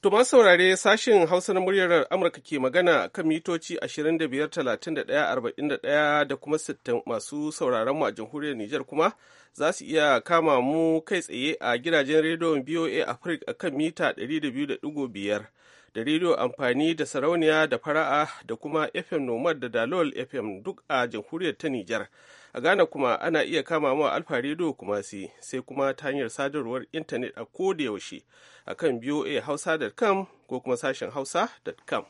tuma saurare sashen Hausa na muryar Amurka ke magana kan mitoci 25,31,41 da kuma 60 masu sauraron a jamhuriyar Nijar kuma za su iya kama mu kai tsaye a gidajen rediyon BOA Africa a kan mita 200.5 da rediyo amfani da sarauniya da fara'a da kuma FM Nomad da Dalol FM duk a jamhuriyar ta Nijar. a ghana kuma ana iya kama mu alfa rediyo kuma si sai kuma ta hanyar sadarwar intanet a kodayaushe a kan voa hausa.com ko kuma sashen hausa.com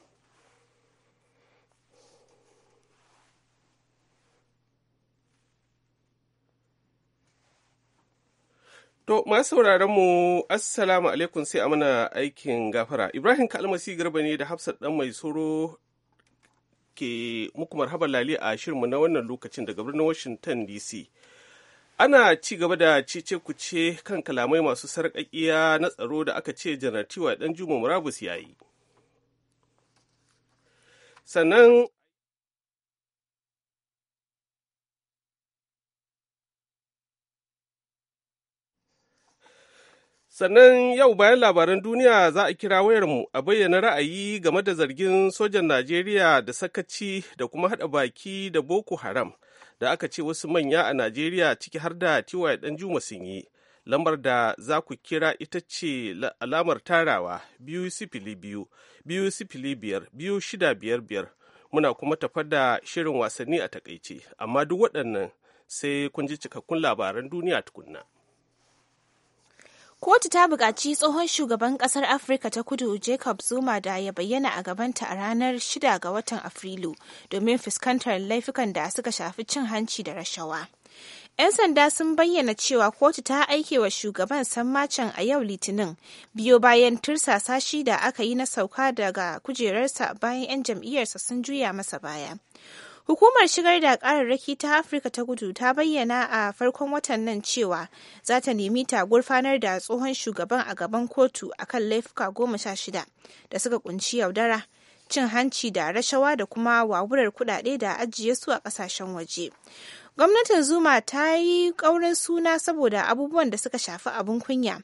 To, masu sauraron mu, Assalamu alaikum sai a mana aikin gafara. Ibrahim Kalmasi Garba ne da Hafsat ɗan mai soro ke muku marhaba lali a shirinmu na wannan lokacin daga birnin Washington DC. Ana ci gaba da cece kuce kan kalamai masu sarƙaƙiya na tsaro da aka ce janartiwa ɗan Juma Murabus ya yi. Sannan Sannan yau bayan labaran duniya za a kira wayarmu a bayyana ra'ayi game da zargin sojan Najeriya da sakaci da kuma haɗa baki da Boko Haram da aka ce wasu manya a Najeriya ciki har da ya Juma sun yi. Lambar da za ku kira ita ce alamar tarawa biyu sifili biyu, biyu sifili biyar, biyu shida biyar biyar. Muna kuma tafar da shirin wasanni a takaice, amma duk waɗannan sai kun ji cikakkun labaran duniya tukunna. Kotu ta buƙaci tsohon shugaban ƙasar Afirka ta kudu Jacob Zuma da ya bayyana a gabanta a ranar 6 ga watan Afrilu domin fuskantar laifukan da suka shafi cin hanci da rashawa. 'Yan sanda sun bayyana cewa kotu ta aike wa shugaban sammacin a yau litinin biyo bayan tursasa shi da aka yi na sauka daga kujerarsa bayan 'yan jam'iyyarsa sun juya masa baya. Hukumar shigar da kararraki ta Afirka ta gudu ta bayyana a farkon watan nan cewa za ta nemi ta gurfanar da tsohon shugaban a gaban kotu a kan laifuka goma sha shida da suka kunci yaudara, cin hanci da rashawa da kuma wawurar kudade da ajiye su a kasashen waje. Gwamnatin Zuma ta yi ƙaurin suna saboda abubuwan da suka shafi abin kunya,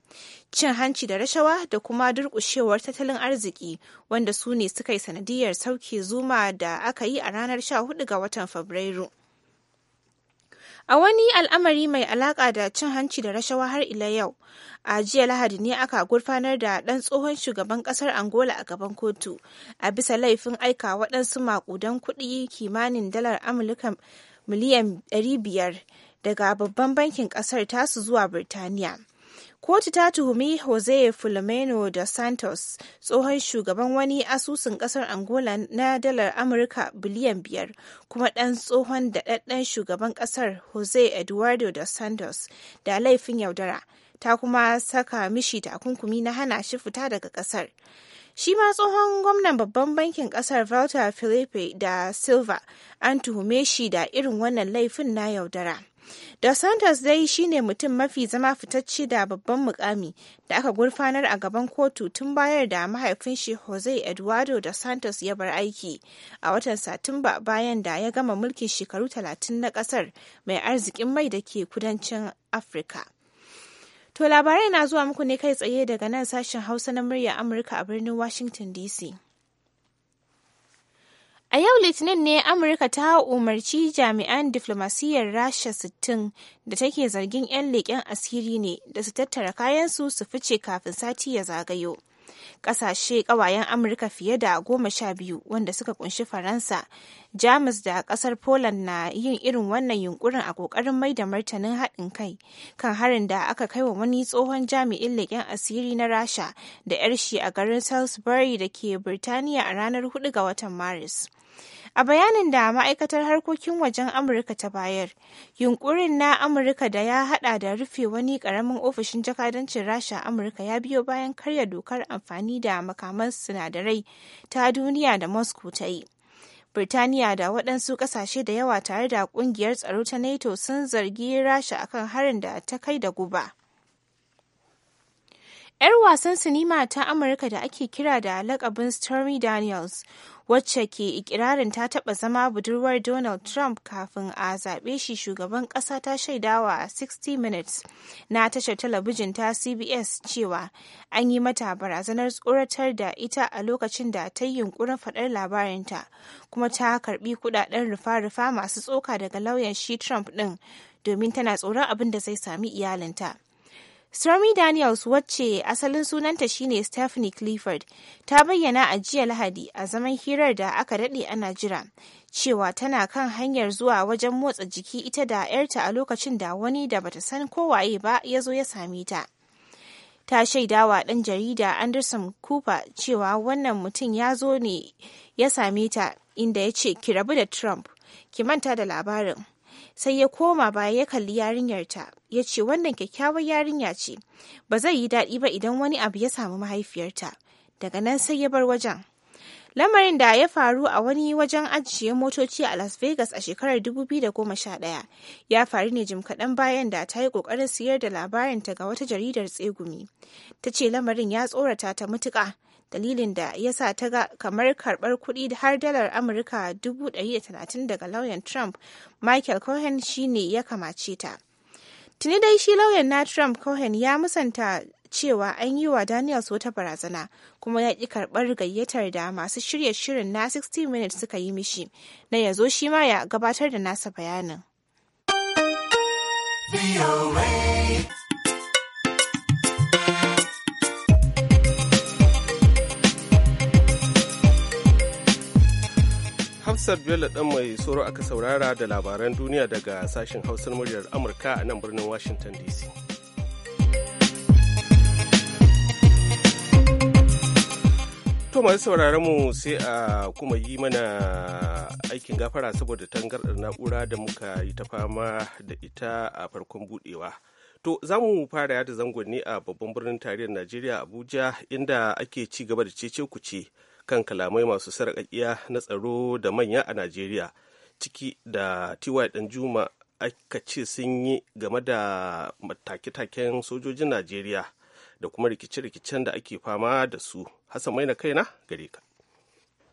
cin hanci da rashawa da kuma durƙushewar tattalin arziki wanda su ne suka yi sanadiyar sauke Zuma da aka yi a ranar 14 ga watan Fabrairu. A wani al'amari mai alaƙa da cin hanci da rashawa har ila yau, a jiya Lahadi ne aka gurfanar da ɗan tsohon shugaban ƙasar Angola a gaban kotu, a bisa laifin aika waɗansu maƙudan kuɗi kimanin dalar Amurka miliyan 500 daga babban bankin kasar tasu zuwa Birtaniya. Kotu ta tuhumi Jose Filomeno da Santos, tsohon shugaban wani asusun kasar Angola na dalar Amurka biliyan biyar, kuma ɗan tsohon daɗaɗɗen shugaban ƙasar Jose Eduardo da Santos da laifin yaudara, ta kuma saka mishi takunkumi na hana shi fita daga ƙasar. shi ma tsohon gwamnan babban bankin kasar Walter Felipe da Silva an tuhume shi da irin wannan laifin na yaudara. Da Santos dai shine mutum mafi zama fitacce da babban mukami da aka gurfanar a gaban kotu tun bayar da mahaifin shi Jose Eduardo da Santos ya bar aiki a watan Satumba bayan da ya gama mulkin shekaru 30 na kasar mai arzikin mai da ke kudancin Afirka. To labarai na zuwa muku ne kai tsaye daga nan sashen Hausa na murya Amurka a birnin Washington DC. A yau Litinin ne Amurka ta umarci jami'an diflomasiyyar Rasha 60 da take zargin 'yan leƙen asiri ne da su tattara kayansu su fice kafin sati ya zagayo. ƙasashe kawayen amurka fiye da goma sha biyu wanda suka kunshi faransa jamus da ƙasar poland na yin irin wannan yunkurin a ƙoƙarin mai da martanin haɗin kai kan harin da aka kai wa wani tsohon jami'in leƙen asiri na rasha da 'yar shi a garin salisbury da ke birtaniya a ranar 4 ga watan maris A bayanin da ma'aikatar harkokin wajen Amurka ta bayar, yunkurin na Amurka da ya hada da rufe wani karamin ofishin jakadancin Rasha Amurka ya biyo bayan karya dokar amfani da makaman sinadarai ta duniya da Moscow ta yi. Birtaniya da waɗansu ƙasashe da yawa tare da ƙungiyar tsaro ta NATO sun zargi Rasha akan harin da ta kai da guba. 'Yar wasan sinima ta Amurka da ake kira da lakabin Stormy Daniels, wacce ke ikirarin ta taɓa zama budurwar Donald Trump kafin a zaɓe shi shugaban ƙasa ta shaidawa 60 Minutes na tashar talabijin ta CBS cewa an yi mata barazanar tsoratar da ita a lokacin da ta yi yunkurin faɗar labarinta kuma ta karbi kuɗaɗen rufa-rufa masu tsoka daga lauyan shi Trump ɗin domin tana tsoron abin da zai sami iyalinta. Stormy Daniels wacce asalin sunanta shine Stephanie Clifford ta bayyana a jiya Lahadi a zaman hirar da aka daɗe ana jira cewa tana kan hanyar zuwa wajen motsa jiki ita da 'yarta a lokacin da wani da bata san kowaye ba ya zo ya same ta. Ta shaidawa ɗan jarida Anderson Cooper cewa wannan mutum ya zo ne ya same ta inda ya ce ki rabu da Trump, ki manta da labarin. sai ya koma baya ya kalli yarinyarta ya ce wannan kyakkyawar yarinya ce ba zai yi daɗi ba idan wani abu ya samu mahaifiyarta daga nan sai ya bar wajen lamarin da ya faru a wani wajen ajiye motoci a las vegas a shekarar 2011 ya faru ne jim kaɗan bayan da ta yi ƙoƙarin siyar da labarinta ga wata jaridar tsegumi ta ce lamarin ya tsorata ta matuƙa dalilin da ya sa ta ga kamar karɓar kuɗi har dalar amurka 130 daga lauyan trump michael cohen shine ya kamace ta tuni dai shi lauyan na trump cohen ya musanta cewa an yi wa daniels wata barazana kuma ya ƙi karbar gayyatar da masu shirya shirin na 60 minutes suka yi mishi na yazo zo shi ma ya gabatar da nasa bayanin. Hafsat Bello ɗan mai tsoro aka saurara da labaran duniya daga sashen hausar muryar Amurka a nan birnin Washington DC. To masu sauraron mu sai a kuma yi mana aikin gafara saboda tangarɗar na'ura da muka yi ta fama da ita a farkon budewa. To za mu fara yada zangon ne a babban birnin tarihin Najeriya Abuja inda ake ci gaba da cece kuce. ce kan kalamai masu sarƙaƙiya na tsaro da manya a najeriya ciki da tiwa ɗan aka ce sun yi game da matake-taken sojojin najeriya da kuma rikice-rikicen da ake fama da su hassan mai na kaina gare ka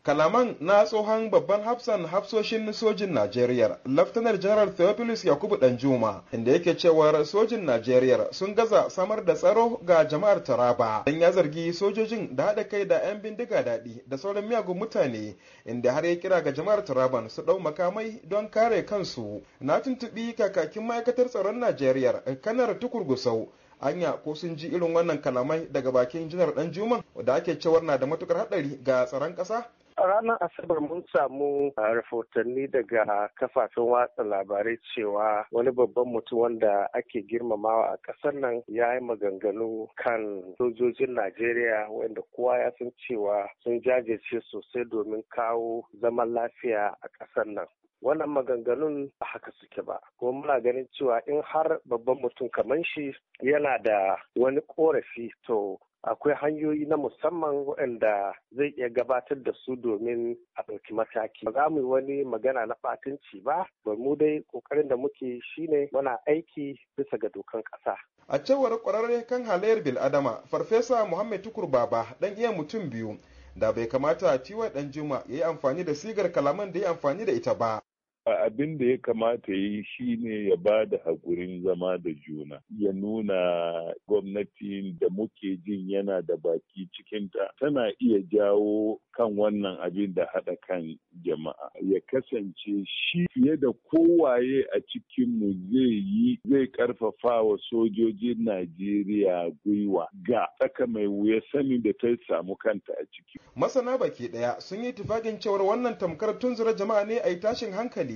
kalaman na tsohon babban hafsan hafsoshin sojin najeriya laftanar janar theophilus yakubu danjuma inda yake cewar sojin najeriya sun gaza samar da tsaro ga jama'ar taraba don ya zargi sojojin da haɗa kai da 'yan bindiga daɗi da sauran miyagun mutane inda har ya kira ga jama'ar taraban su ɗau makamai don kare kansu na tuntuɓi kakakin ma'aikatar tsaron najeriya kanar tukurgusau gusau anya ko sun ji irin wannan kalamai daga bakin janar danjuma da ake cewar na da matukar hadari ga tsaron ƙasa? ranar asabar mun samu ah, rahotanni daga kafafen watsa labarai cewa wani babban mutum wanda ake girmamawa a ƙasar nan ya yi maganganu kan sojojin najeriya wanda kowa ya san cewa sun jajirce sosai domin kawo zaman lafiya a ƙasar nan wannan maganganun ba haka suke ba kuma muna ganin cewa in har babban mutum kamar shi yana da wani korafi to akwai hanyoyi na musamman waɗanda zai iya gabatar da su domin a ɗauki mataki. Ba za mu yi wani magana na ɓatanci ba, ba mu dai ƙoƙarin da muke shine muna aiki bisa ga dokan ƙasa. A cewar ƙwararre kan halayyar Bil'adama, Farfesa Muhammad Tukur Baba ɗan iya mutum biyu da bai kamata ciwon ɗan juma ya yi amfani da sigar kalaman da ya amfani da ita ba. abin da ya kamata yi shine ya ba da haƙurin zama da juna ya nuna gwamnati da muke jin yana da baki cikinta tana iya jawo kan wannan abin da haɗa kan jama'a ya kasance shi fiye da kowaye a cikinmu zai yi zai ƙarfafa wa sojojin najeriya gwiwa ga tsaka mai wuya sani da ta samu kanta a ciki masana baki ɗaya sun yi tufagin cewar wannan tamkar tunzura jama'a ne a yi tashin hankali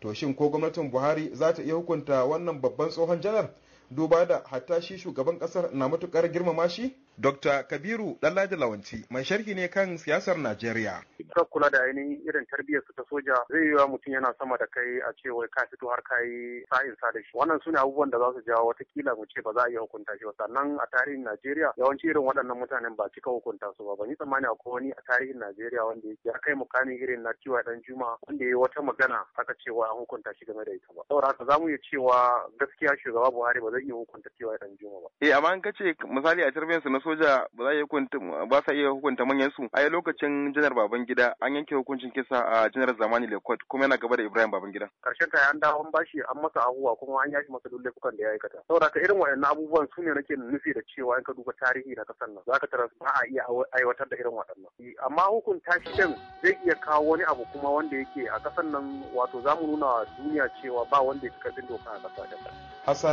to shin ko gwamnatin buhari za ta iya hukunta wannan babban tsohon janar duba da hatta shi shugaban kasar na matukar girmama shi? Dr. Kabiru Dallaji Lawanci mai sharhi ne kan siyasar Najeriya. Ka kula da ainihin irin tarbiyyar su ta soja zai yiwa mutum yana sama da kai a cewa wai ka fito har ka yi sa'in sa da shi. Wannan su ne abubuwan da za su jawo watakila mu ce ba za a iya hukunta shi ba. Sannan a tarihin Najeriya yawanci irin waɗannan mutanen ba cika hukunta su ba. Ban yi tsammani akwai wani a tarihin Najeriya wanda ya kai mukamin irin na kiwa dan juma wanda ya yi wata magana aka cewa an hukunta shi game da ita ba. Saboda haka za mu iya cewa gaskiya shugaba Buhari ba zai zai iya hukunta cewa ya ba eh amma an kace misali a tarbiyyar su na soja ba za iya hukunta sa iya hukunta manyan su a lokacin janar babangida an yanke hukuncin kisa a janar zamani lekot kuma yana gaba da ibrahim babangida karshen ta an dawo an bashi an masa ahuwa kuma an yashi masa duk laifukan da ya aikata saboda ka irin waɗannan abubuwan su ne nake nufi da cewa in ka duba tarihi na kasar nan Za ka tarar ba a iya aiwatar da irin waɗannan eh, amma hukunta shi ɗin zai iya kawo wani abu kuma wanda yake a kasar nan wato za mu nuna wa duniya cewa ba wanda ya fi karfin doka a ƙasa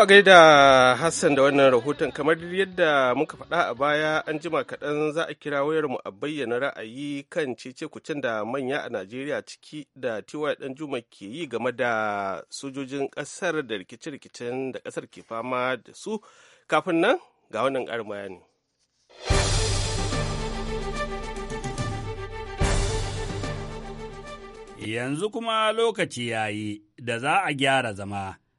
a gaida Hassan da wannan rahoton kamar yadda muka faɗa a baya an jima kaɗan za a kira wayarmu a bayyana ra'ayi kan cece kucin da manya a Najeriya ciki da tiwa ɗan juma ke yi game da sojojin ƙasar da rikice-rikicen da ƙasar ke fama da su kafin nan ga wannan ƙarin bayani. Yanzu kuma lokaci yayi da za a gyara zama.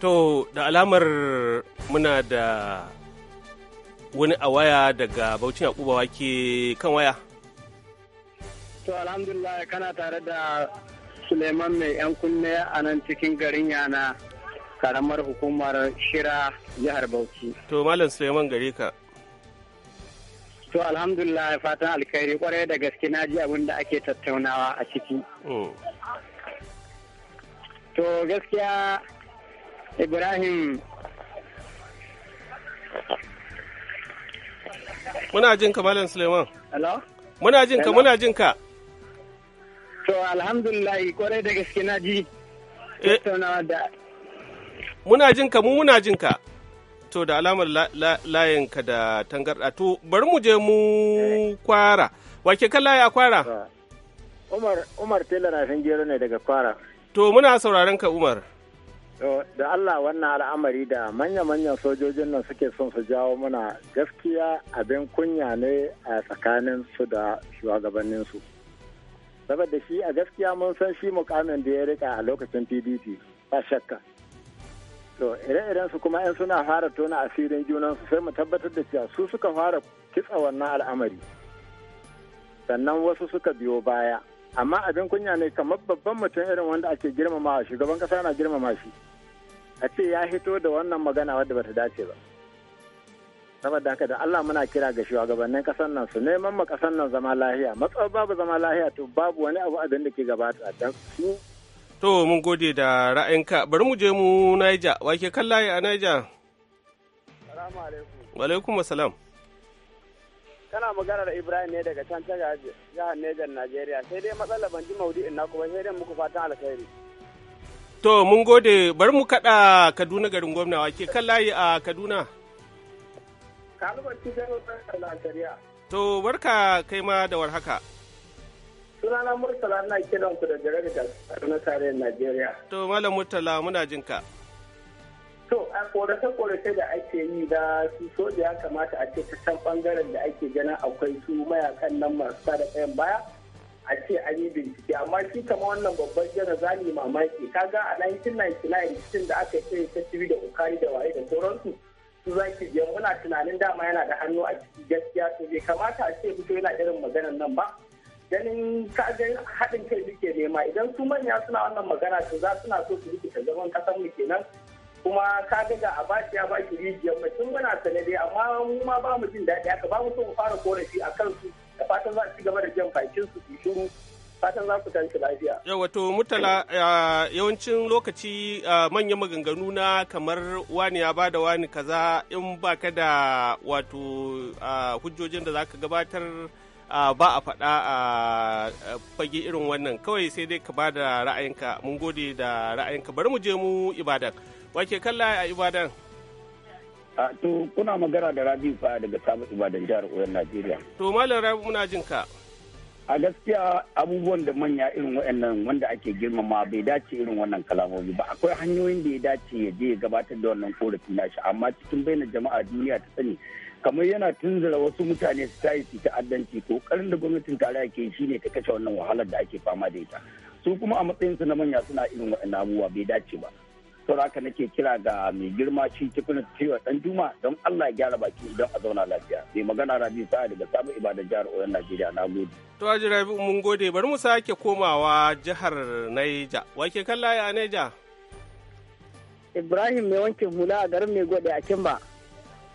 To da alamar muna da wani a waya daga bauchi Yakuba wake kan waya. To alhamdulillah kana tare da Suleiman mai yan kunne a nan cikin garin yana karamar hukumar Shira jihar Bauchi. To Malam Suleiman gare ka. To alhamdulillah fatan alkhairi kwarai da gaske na ji abin da ake tattaunawa a ciki. Hmm. To gaskiya Ibrahim. Muna jin ka Malam Suleiman. Hello? Muna jin ka, muna jin ka. To alhamdulillah kwarai da gaske na ji. Eh. Tattaunawa da. Muna jin ka, mu muna jin ka. To da alamar layin ka da tangarɗa. To bari mu je mu kwara. Wake kan layi a kwara? Umar, Umar Taylor na san gero ne daga kwara. To muna sauraron ka Umar. da Allah wannan al'amari da manya-manyan sojojin nan suke son su jawo mana gaskiya abin kunya ne a tsakanin su da shugabannin su. Saboda shi a gaskiya mun san shi mukamin da ya rika a lokacin PDP ba shakka. To ire-iren su kuma in suna fara tona asirin junan su sai mu tabbatar da cewa su suka fara kitsa wannan al'amari. Sannan wasu suka biyo baya. amma abin kunya ne kamar babban mutum irin wanda ake girmama shugaban kasa na girmama shi a ce ya hito da wannan magana wadda bata dace ba saboda haka da Allah muna kira ga shugabannin kasar nan su neman ma kasan nan zama lahiya matsawar babu zama lahiya to babu wani abu abin da ke gabata dan su to mun gode da ra'ayinka bari mu je mu Niger ke kallaye a Niger assalamu alaikum wa alaikum assalam kana magana da ibrahim ne daga can ta jihar nejan najeriya sai dai matsala ban ji maudu'in na kuma sai dai muku fatan alkhairi to mun gode bari mu kaɗa kaduna garin gwamna ke kan layi a kaduna to barka kai ma da haka. sunana murtala na kidan ku da jirage da tsarin tarayyar najeriya to malam murtala muna jinka ka to a korafe-korafe da ake yi da su soja ya kamata a ce ta can bangaren da ake ganin akwai su mayakan nan masu tada kayan baya a ce an yi bincike amma shi kama wannan babban jana zani mamaki kaga a 1999 cikin da aka ce ta da ukari da waye da sauransu su zaki biyan muna tunanin dama yana da hannu a ciki gaskiya to bai kamata a ce fito yana irin maganan nan ba ganin kaga haɗin kai suke nema idan su manya suna wannan magana to za suna so su rikita zaman kasar mu kenan kuma ka daga a bashi ya baki rijiyar tun muna sane dai amma mu ma ba mu jin daɗi aka ba mu so fara korafi a kansu da fatan za su ci gaba da jan bakin su su shiru fatan za ku tashi lafiya. Yawa to mutala yawancin lokaci manyan maganganu na kamar wani ya bada wani kaza in ba ka da wato hujjojin da za ka gabatar ba a faɗa a fage irin wannan kawai sai dai ka ba da ra'ayinka mun gode da ra'ayinka bari mu je mu ibadan. Wake kalla a Ibadan? A to kuna magana da Rabi fa daga sabu Ibadan jihar oyan Najeriya. To Malam Rabi muna jin ka. A gaskiya abubuwan da manya irin waɗannan wanda ake girmama bai dace irin wannan kalamomi ba akwai hanyoyin da ya dace ya je ya gabatar da wannan korafi nashi amma cikin na jama'a duniya ta sani kamar yana tunzura wasu mutane su tayi su ta'addanci kokarin da gwamnatin ake ke shine ta kashe wannan wahalar da ake fama da ita su kuma a matsayinsu na manya suna irin waɗannan abubuwa bai dace ba saboda haka nake kira ga mai girma shi tukunin cewa dan juma don Allah ya gyara baki idan a zauna lafiya mai magana rabi sa daga sabon ibadan jihar oyan najeriya na gode to aji rabi mun gode bari mu sake komawa jihar naija wake kalla ya naija ibrahim mai wankin hula a garin mai gode a kimba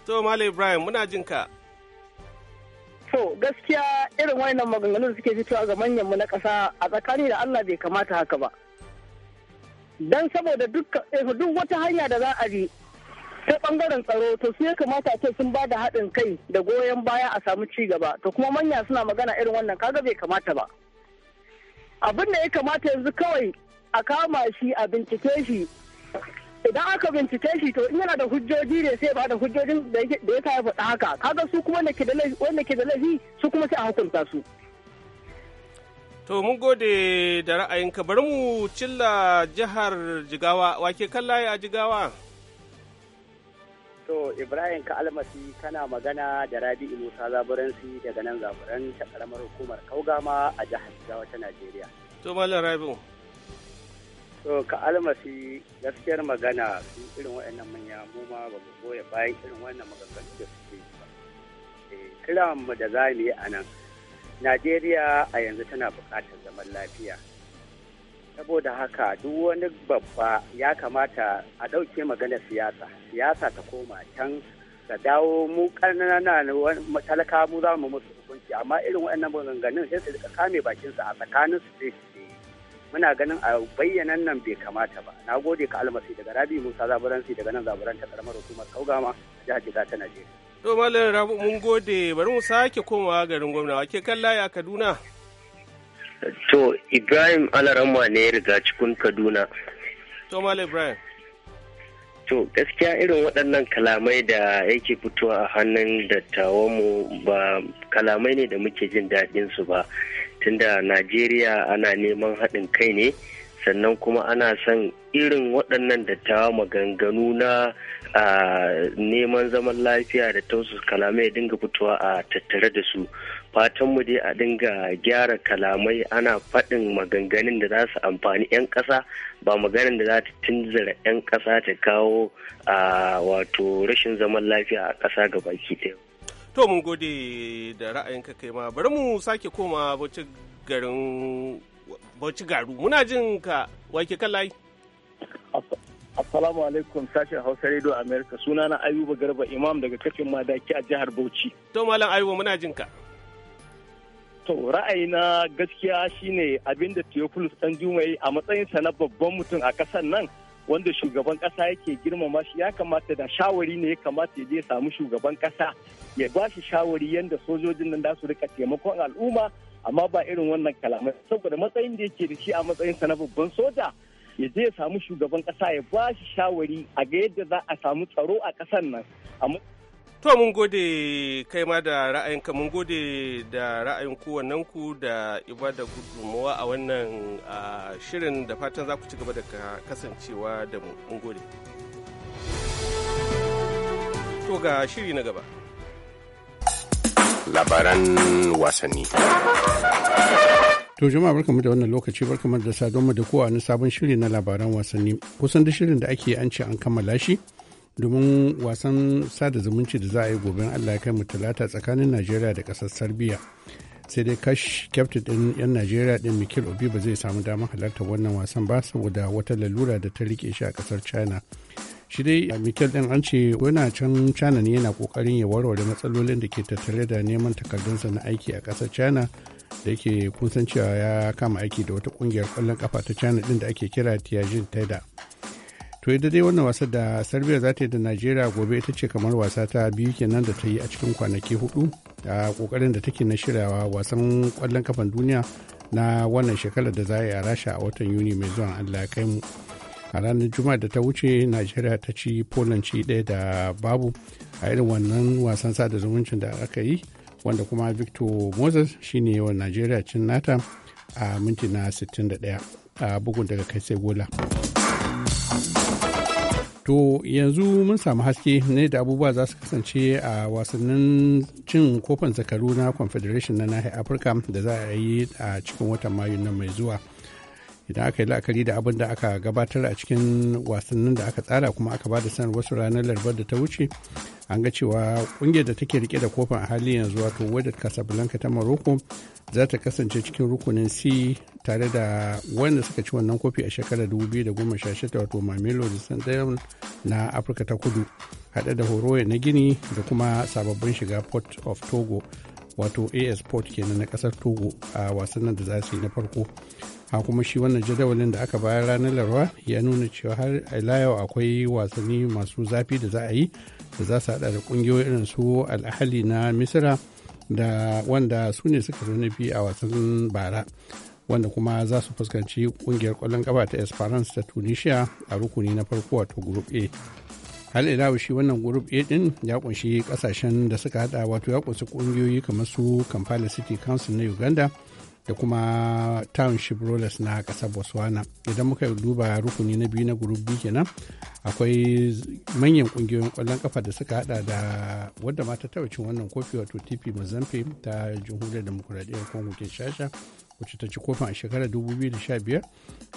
to malam ibrahim muna jin ka to gaskiya irin wayannan maganganun suke fitowa ga manyanmu na ƙasa a tsakani da Allah bai kamata haka ba don saboda eh, duk wata hanya da za a bi ta bangaren tsaro to su ya kamata ce sun ba da haɗin kai da goyon baya a samu ci gaba to kuma manya suna magana irin wannan kaga bai kamata ba abin da ya kamata yanzu kawai a kama shi a bincike shi idan aka bincike shi to in yana da hujjoji ne sai ba da hujjojin da ya sa ya faɗa haka kaga su kuma wanda ke da laifi su kuma sai a hukunta su To mun gode da ra'ayinka bari mu cilla jihar Jigawa wake kallaye a Jigawa. To Ibrahim ka almasi kana magana da Rabi'u Musa Zaburansi daga nan zaburan ta karamar hukumar Kaugama a jihar Jigawa ta Najeriya. To Malam Rabi'u. To ka almasi gaskiyar magana sun irin waɗannan manya mu ma ba mu goya bayan irin wannan maganganu da suke ba. Eh, Kiran mu da za mu yi a nan. najeriya a yanzu tana bukatar zaman lafiya saboda haka duk wani babba ya kamata a ɗauke magana siyasa siyasa ta koma can da dawo mu ƙanana talaka mu za mu musu hukunci amma irin waɗannan maganganun sai su rika kame bakinsa a tsakanin su sai su muna ganin a bayyanan nan bai kamata ba na gode ka almasi daga rabi musa zaburansi daga nan zaburan ta ƙaramar hukumar kaugama jihar Jigata ta najeriya To Malam Rabu mun gode bari mu sake komawa garin gwamna ke kan laya Kaduna. To Ibrahim Alarama ne ya riga cikin Kaduna. To Malam Ibrahim. To gaskiya irin waɗannan kalamai da yake fitowa a hannun dattawan mu ba kalamai ne da muke jin daɗin su ba tunda Najeriya ana neman haɗin kai ne sannan kuma ana son irin waɗannan dattawa maganganu na A neman zaman lafiya da tausus kalamai dinga fitowa a tattare da su fatanmu dai a dinga gyara kalamai ana faɗin maganganun da za su amfani 'yan ƙasa ba maganin da za ta tunzura 'yan ƙasa ta kawo a wato rashin zaman lafiya a ƙasa ga baki ɗaya. To mun gode da ra'ayinka kai ma bari mu sake koma bauchi garu muna jin ka wake kan Assalamu alaikum sashen Hausa Radio America suna na Ayuba Garba Imam daga kafin Madaki a jihar Bauchi. To Malam Ayuba muna jin ka. To ra'ayina gaskiya shine abinda Theophilus danjuma yi a matsayin sa na babban mutum a ƙasar nan wanda shugaban kasa yake girmama shi ya kamata da shawari ne ya kamata ya je samu shugaban ƙasa ya ba shi shawari yanda sojojin nan zasu su rika taimakon al'umma amma ba irin wannan kalamai saboda matsayin da yake da shi a matsayin sa na babban soja ya je ya samu shugaban kasa ya ba shi shawari a ga yadda za a samu tsaro a kasan nan to mun gode kai ma da ra'ayinka mun gode da ra'ayin kowannen ku da ibada gudumawa a wannan shirin da fatan za ku ci gaba da kasancewa da mu mun gode to ga shiri na gaba labaran wasanni To jama'a barkamu da wannan lokaci barkamu da sadon da kowa na sabon shiri na labaran wasanni. Kusan da shirin da ake an ce an kammala shi domin wasan sada zumunci da za a yi gobe Allah ya kai mu talata tsakanin Najeriya da kasar serbia Sai dai kash kyaftin din 'yan Najeriya din Mikel Obi ba zai samu damar halartar wannan wasan ba saboda wata lalura da ta rike shi a kasar China. shi dai mikel din an ce yana can china ne yana kokarin ya warware matsalolin da ke tattare da neman takardunsa na aiki a kasar china da yake kun cewa ya kama aiki da wata kungiyar kwallon kafa ta china din da ake kira tiajin taida to yadda dai wannan wasa da serbia za ta yi da najeriya gobe ita ce kamar wasa ta biyu kenan da ta yi a cikin kwanaki hudu a kokarin da take na shiryawa wasan kwallon kafan duniya na wannan shekarar da za a yi a rasha a watan yuni mai zuwa allah ya kai mu a ranar juma'a da ta wuce najeriya ta ci poland ci ɗaya da babu a irin wannan wasan sada zumuncin da aka yi wanda kuma victor moses shine yawan nigeria cin nata a minti na 61 a bugun daga kai sai gola to yanzu mun samu haske ne da abubuwa za su kasance a wasannin cin kofin zakaru na confederation na nahiyar afirka da za a yi a cikin watan mayu na mai zuwa idan aka yi la'akari da abin da aka gabatar a cikin wasannin da aka tsara kuma aka ba da sanar wasu ranar larabar da ta wuce an ga cewa kungiyar da take rike da kofin a halin yanzu wato wadar casablanca ta morocco za ta kasance cikin rukunin c tare da wanda suka ci wannan kofi a shekarar 2016 wato mamelodi sundowns na afirka ta kudu haɗe da horoya na gini da kuma sababbin shiga port of togo wato as port kenan na kasar togo a wasannin da za su yi na farko a kuma shi wannan jadawalin da aka bayar ranar laraba ya nuna cewa har a yau akwai wasanni masu zafi da za a yi da za su hada da kungiyoyi irin su al'ahali na misira da wanda su ne suka zo nufi a wasan bara wanda kuma za su fuskanci kungiyar kwallon kafa ta esperance ta tunisia a rukuni na farko wato group a har ila shi wannan group a din ya kunshi kasashen da suka hada wato ya kunshi kungiyoyi kamar su kampala city council na uganda da kuma township rollers na kasar botswana idan muka duba rukuni na biyu na group b kenan akwai manyan ƙungiyoyin ƙwallon kafa da suka hada da wadda ma ta taɓa cin wannan kofi wato tp mazamfe ta jamhuriyar demokuraɗiyyar congo kinshasa wacce ta ci kofin a shekarar 2015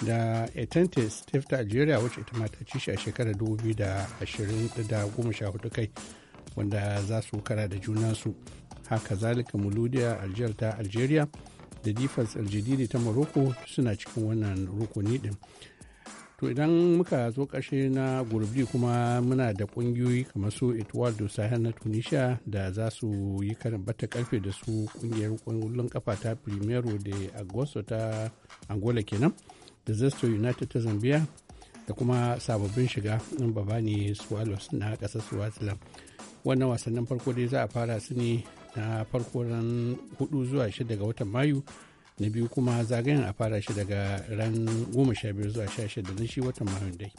da etente state ta algeria wacce ita mata ta ci shi a shekarar 2014 kai wanda za su kara da junansu haka zalika muludiya alger ta algeria da defense aljidiri ta morocco suna cikin wannan rukuni din to idan muka zo kashe na gurbi kuma muna da kungiyoyi kamar su etwaldo sahel na tunisia da za su yi karin bata karfe da su kungiyar kwallon kafa ta primero de agosto ta angola kenan da zesto united ta zambia da kuma sababbin shiga in babani swallows na kasar swaziland wannan wasannin farko dai za a fara su ne na farko ran 4 zuwa 6 ga watan mayu na biyu kuma zagayen a fara shi daga ran goma sha biyar zuwa shida na shi watan mayu dai.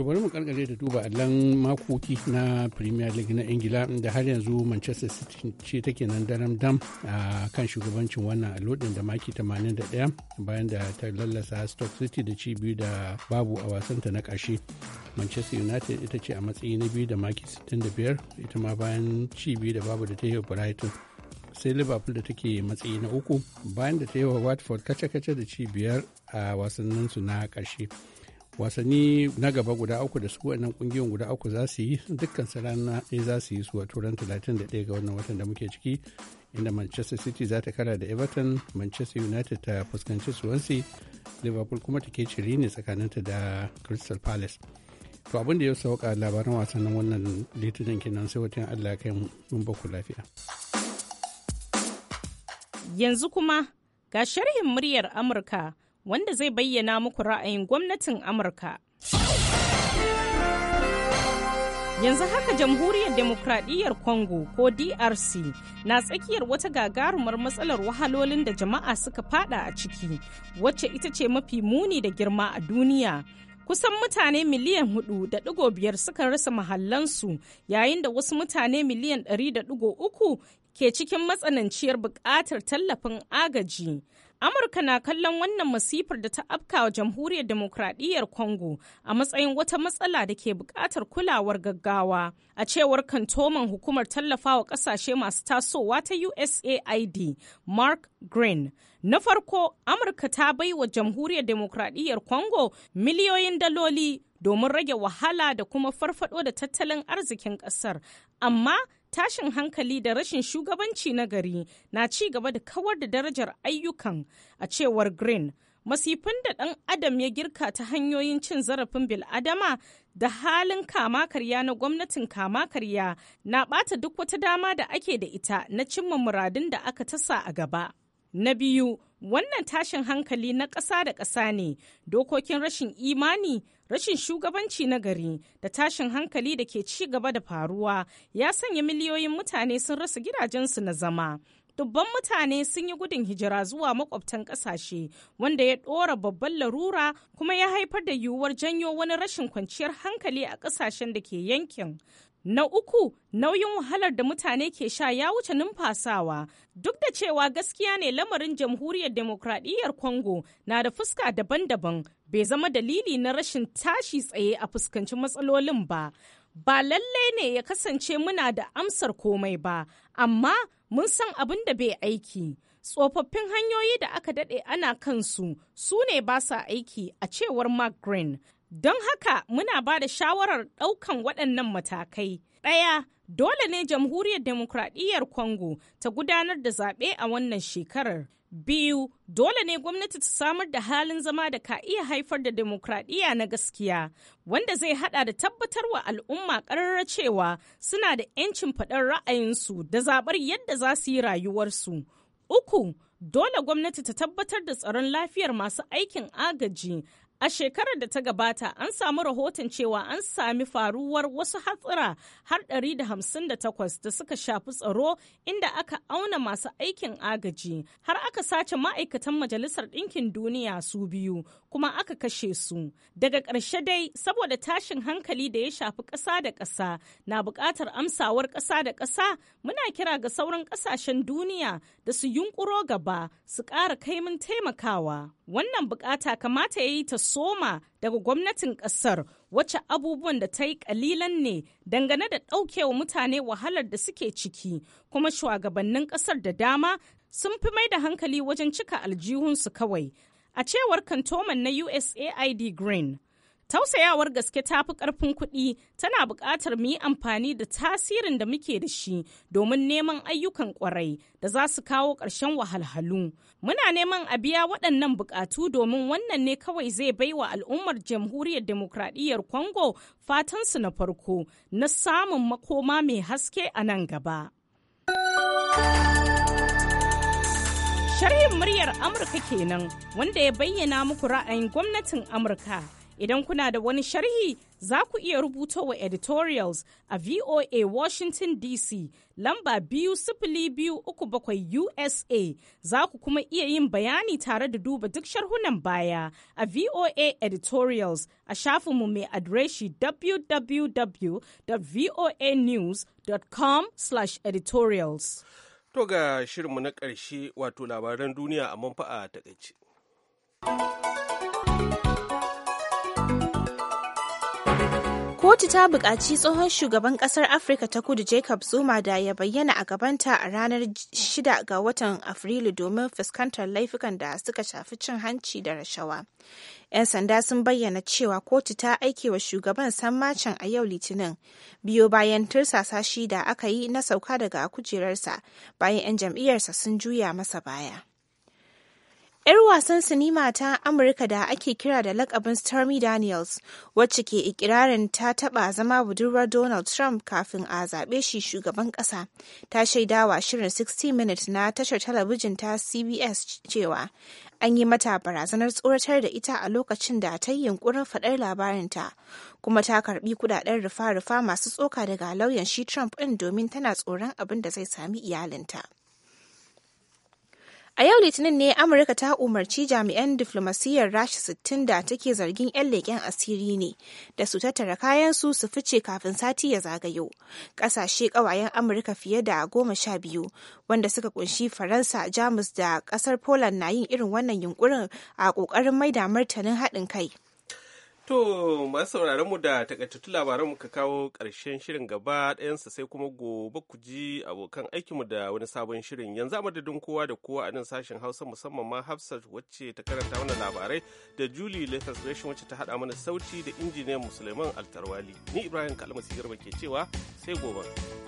To bari mu karkare da duba allon makoki na Premier League na Ingila da har yanzu Manchester City ce take nan daram dam a kan shugabancin wannan alodin da maki 81 bayan da ta lallasa Stoke City da ci biyu da babu a wasanta na ƙarshe. Manchester United ita ce a matsayi na biyu da maki 65 ita ma bayan ci biyu da babu da ta yi Brighton. sai liverpool da take matsayi na uku bayan da ta yi wa watford kace-kace da ci biyar a wasanninsu na ƙarshe wasanni na gaba guda uku da su wannan kungiyoyin guda uku za su yi dukkan su rana ɗaya za su yi su wato turan 31 ga wannan watan da muke ciki inda manchester city za ta kara da everton manchester united ta fuskanci swansea liverpool kuma ta take ciri ne tsakaninta da crystal palace to abin da ya sauka labaran wasannin wannan litinin kenan sai wata allah kai mun baku lafiya yanzu kuma ga sharhin muryar amurka wanda zai bayyana muku ra'ayin gwamnatin Amurka. Yanzu haka jamhuriyar demokradiyyar Congo ko DRC na tsakiyar wata gagarumar matsalar wahalolin da jama'a suka fada a ciki, wacce ita ce mafi muni da girma a duniya. kusan mutane miliyan hudu da digo biyar suka rasa mahallansu yayin da wasu mutane miliyan ɗari da digo uku ke cikin matsananciyar buƙatar tallafin agaji Amurka na kallon wannan masifar da ta afkawa jamhuriyar demokradiyyar Congo a matsayin wata matsala da ke buƙatar kulawar gaggawa. A cewar kantoman hukumar tallafawa ƙasashe masu tasowa ta USAID, Mark Green. Na farko, Amurka ta bai wa jamhuriyar demokradiyyar Congo miliyoyin daloli domin rage wahala da kuma farfado da tattalin arzikin ƙasar. Amma tashin hankali da rashin shugabanci na gari na ci gaba da kawar da darajar ayyukan a cewar green masifin da ɗan adam ya girka ta hanyoyin cin zarafin bil'adama da halin kama karya na gwamnatin kama karya na ɓata duk wata dama da ake da ita na cimma muradun da aka tasa a gaba na biyu wannan tashin hankali na ƙasa da ƙasa ne dokokin rashin imani rashin shugabanci na gari da tashin hankali da ke ci gaba da faruwa ya sanya miliyoyin mutane sun rasa gidajensu na zama. dubban mutane sun yi gudun hijira zuwa makwabtan kasashe wanda ya ɗora babban larura kuma ya haifar da yiwuwar janyo wani rashin kwanciyar hankali a ƙasashen da ke yankin na uku nauyin wahalar da mutane ke sha ya wuce numfasawa duk da cewa gaskiya ne lamarin jamhuriyar demokradiyyar congo na da fuska daban-daban bai zama dalili na rashin tashi tsaye a fuskanci matsalolin ba ba lallai ne ya kasance muna da amsar komai ba amma mun san abin da bai aiki tsofaffin hanyoyi da aka daɗe ana kansu su ne ba sa aiki a cewar mark green don haka muna ba da shawarar ɗaukan waɗannan matakai ɗaya dole ne jamhuriyar demokradiyyar congo ta gudanar da zaɓe a wannan shekarar Biyu, dole ne gwamnati ta samar da halin zama da ka iya haifar da demokradiyya na gaskiya, wanda zai hada da tabbatar wa al'umma ƙararra cewa suna da 'yancin faɗar ra'ayinsu da zaɓar yadda za su yi rayuwarsu. Uku, dole gwamnati ta tabbatar da tsaron lafiyar masu aikin agaji A shekarar da ta gabata an samu rahoton cewa an sami faruwar wasu hatsira har 158 da suka shafi tsaro inda aka auna masu aikin agaji har aka sace ma'aikatan Majalisar Ɗinkin Duniya su biyu kuma aka kashe su. Daga ƙarshe dai saboda tashin hankali da ya shafi ƙasa da ƙasa na buƙatar amsawar ƙasa da ƙasa muna kira ga sauran ƙasashen duniya da su yunƙuro gaba su ƙara kaimin taimakawa. Wannan buƙata kamata ya yi ta soma daga gwamnatin ƙasar wacce abubuwan da ta yi ƙalilan ne dangane da ɗaukewa mutane wahalar da suke ciki kuma shugabannin ƙasar da dama sun fi mai da hankali wajen cika aljihunsu kawai A cewar kantoman na USAID Green, tausayawar gaske ta fi ƙarfin kuɗi tana buƙatar mu yi amfani da tasirin da muke da shi domin neman ayyukan ƙwarai da za su kawo ƙarshen wahalhalu. Muna neman a biya waɗannan buƙatu domin wannan ne kawai zai baiwa al'ummar jamhuriyar demokradiyyar Congo fatansu na farko na samun makoma mai haske a nan gaba. Sharhin muryar Amurka kenan wanda ya bayyana muku ra'ayin gwamnatin Amurka. Idan kuna da wani sharhi za ku iya rubuto wa editorials a VOA Washington DC lamba biyu sifili biyu uku bakwai USA za ku kuma iya yin bayani tare da duba duk sharhunan baya a VOA editorials a shafinmu mai adireshi www.voanews.com/editorials. To ga shirinmu na ƙarshe wato labaran duniya a manfa'a takaice. kotu ta buƙaci tsohon shugaban ƙasar afirka ta kudu jacob zuma da ya bayyana a gabanta a ranar 6 ga watan afrilu domin fuskantar laifukan da suka shafi cin hanci da rashawa 'yan sanda sun bayyana cewa kotu ta aike wa shugaban sammacin a yau litinin biyo bayan tursasa shi da aka yi na sauka daga kujerarsa bayan 'yan jam'iyyarsa sun juya masa baya 'Yar wasan sinima ta Amurka da ake kira da lakabin Stormy Daniels, wacce ke ikirarin ta taba zama budurwar Donald Trump kafin a zaɓe shi shugaban ƙasa, ta shaidawa shirin 60 Minutes na tashar talabijin ta CBS cewa an yi mata barazanar tsoratar da ita a lokacin da ta yi yunkurin faɗar labarinta kuma ta karbi kudaden rufa-rufa masu tsoka daga lauyan shi trump ɗin domin tana tsoron abin da zai sami iyalinta A yau Litinin ne Amurka ta umarci jami'an diflomasiyyar Rasha 60 da take zargin 'yan leƙen asiri ne da su tattara su su fice kafin sati ya zagayo. Ƙasashe ƙawayen Amurka fiye da goma sha biyu wanda suka kunshi Faransa, Jamus da ƙasar Poland na yin irin wannan yunkurin a ƙoƙarin maida martanin haɗin kai. To masu sauraron mu da takaitattu labaran muka kawo ƙarshen shirin gaba ɗayansa sai kuma gobe ku ji abokan aikinmu da wani sabon shirin yanzu a madadin kowa da kowa a nan sashen Hausa musamman ma Hafsat wacce ta karanta mana labarai da Julie Lathas Gresham wacce ta haɗa mana sauti da injiniyan Musulman Altarwali. Ni Ibrahim Kalmasi Garba ke cewa sai gobe.